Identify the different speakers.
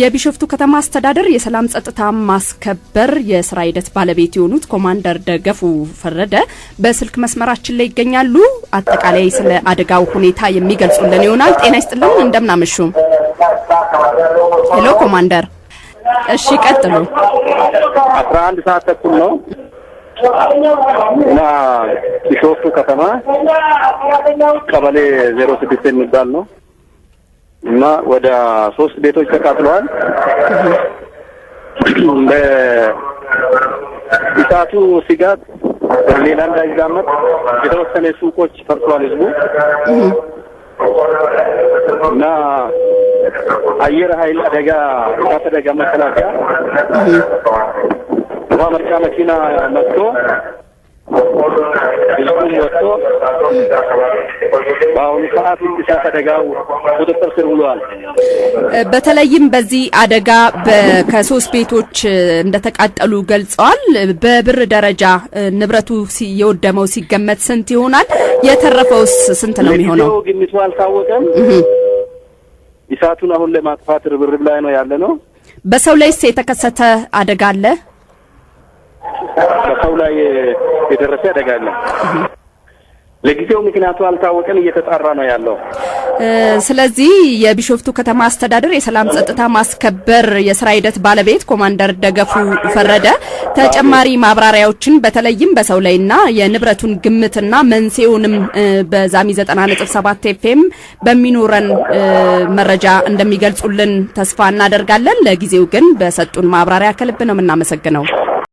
Speaker 1: የቢሾፍቱ ከተማ አስተዳደር የሰላም ጸጥታ ማስከበር የስራ ሂደት ባለቤት የሆኑት ኮማንደር ደገፉ ፈረደ በስልክ መስመራችን ላይ ይገኛሉ። አጠቃላይ ስለ አደጋው ሁኔታ የሚገልጹልን ይሆናል። ጤና ይስጥልን፣ እንደምናመሹ። ሄሎ ኮማንደር። እሺ ቀጥሉ።
Speaker 2: አስራ አንድ ሰዓት ተኩል ነው እና ቢሾፍቱ ከተማ ቀበሌ ዜሮ ስድስት የሚባል ነው እና ወደ ሶስት ቤቶች ተቃጥለዋል። በእሳቱ ስጋት ሌላ እንዳይዛመት የተወሰነ ሱቆች ፈርሷል። ህዝቡ እና አየር ኃይል አደጋ እሳት አደጋ መከላከያ ውሃ መርጫ መኪና መጥቶ ህዝቡም ወጥቶ በአሁኑ ሰዓት እሳት አደጋው ቁጥጥር ስር ውሏል።
Speaker 1: በተለይም በዚህ አደጋ ከሶስት ቤቶች እንደተቃጠሉ ገልጸዋል። በብር ደረጃ ንብረቱ የወደመው ሲገመት ስንት ይሆናል? የተረፈውስ ስንት ነው የሚሆነው? ግምቱ አልታወቀም።
Speaker 2: እሳቱን አሁን ለማጥፋት ርብርብ ላይ ነው ያለ ነው።
Speaker 1: በሰው ላይስ የተከሰተ አደጋ አለ?
Speaker 2: በሰው ላይ የደረሰ አደጋ አለ። ለጊዜው ምክንያቱ አልታወቀም፣ እየተጣራ ነው ያለው።
Speaker 1: ስለዚህ የቢሾፍቱ ከተማ አስተዳደር የሰላም ጸጥታ ማስከበር የስራ ሂደት ባለቤት ኮማንደር ደገፉ ፈረደ ተጨማሪ ማብራሪያዎችን በተለይም በሰው ላይና የንብረቱን ግምትና መንስኤውንም በዛሚ 97 ኤፍኤም በሚኖረን መረጃ እንደሚገልጹልን ተስፋ እናደርጋለን። ለጊዜው ግን በሰጡን ማብራሪያ ከልብ ነው የምናመሰግነው።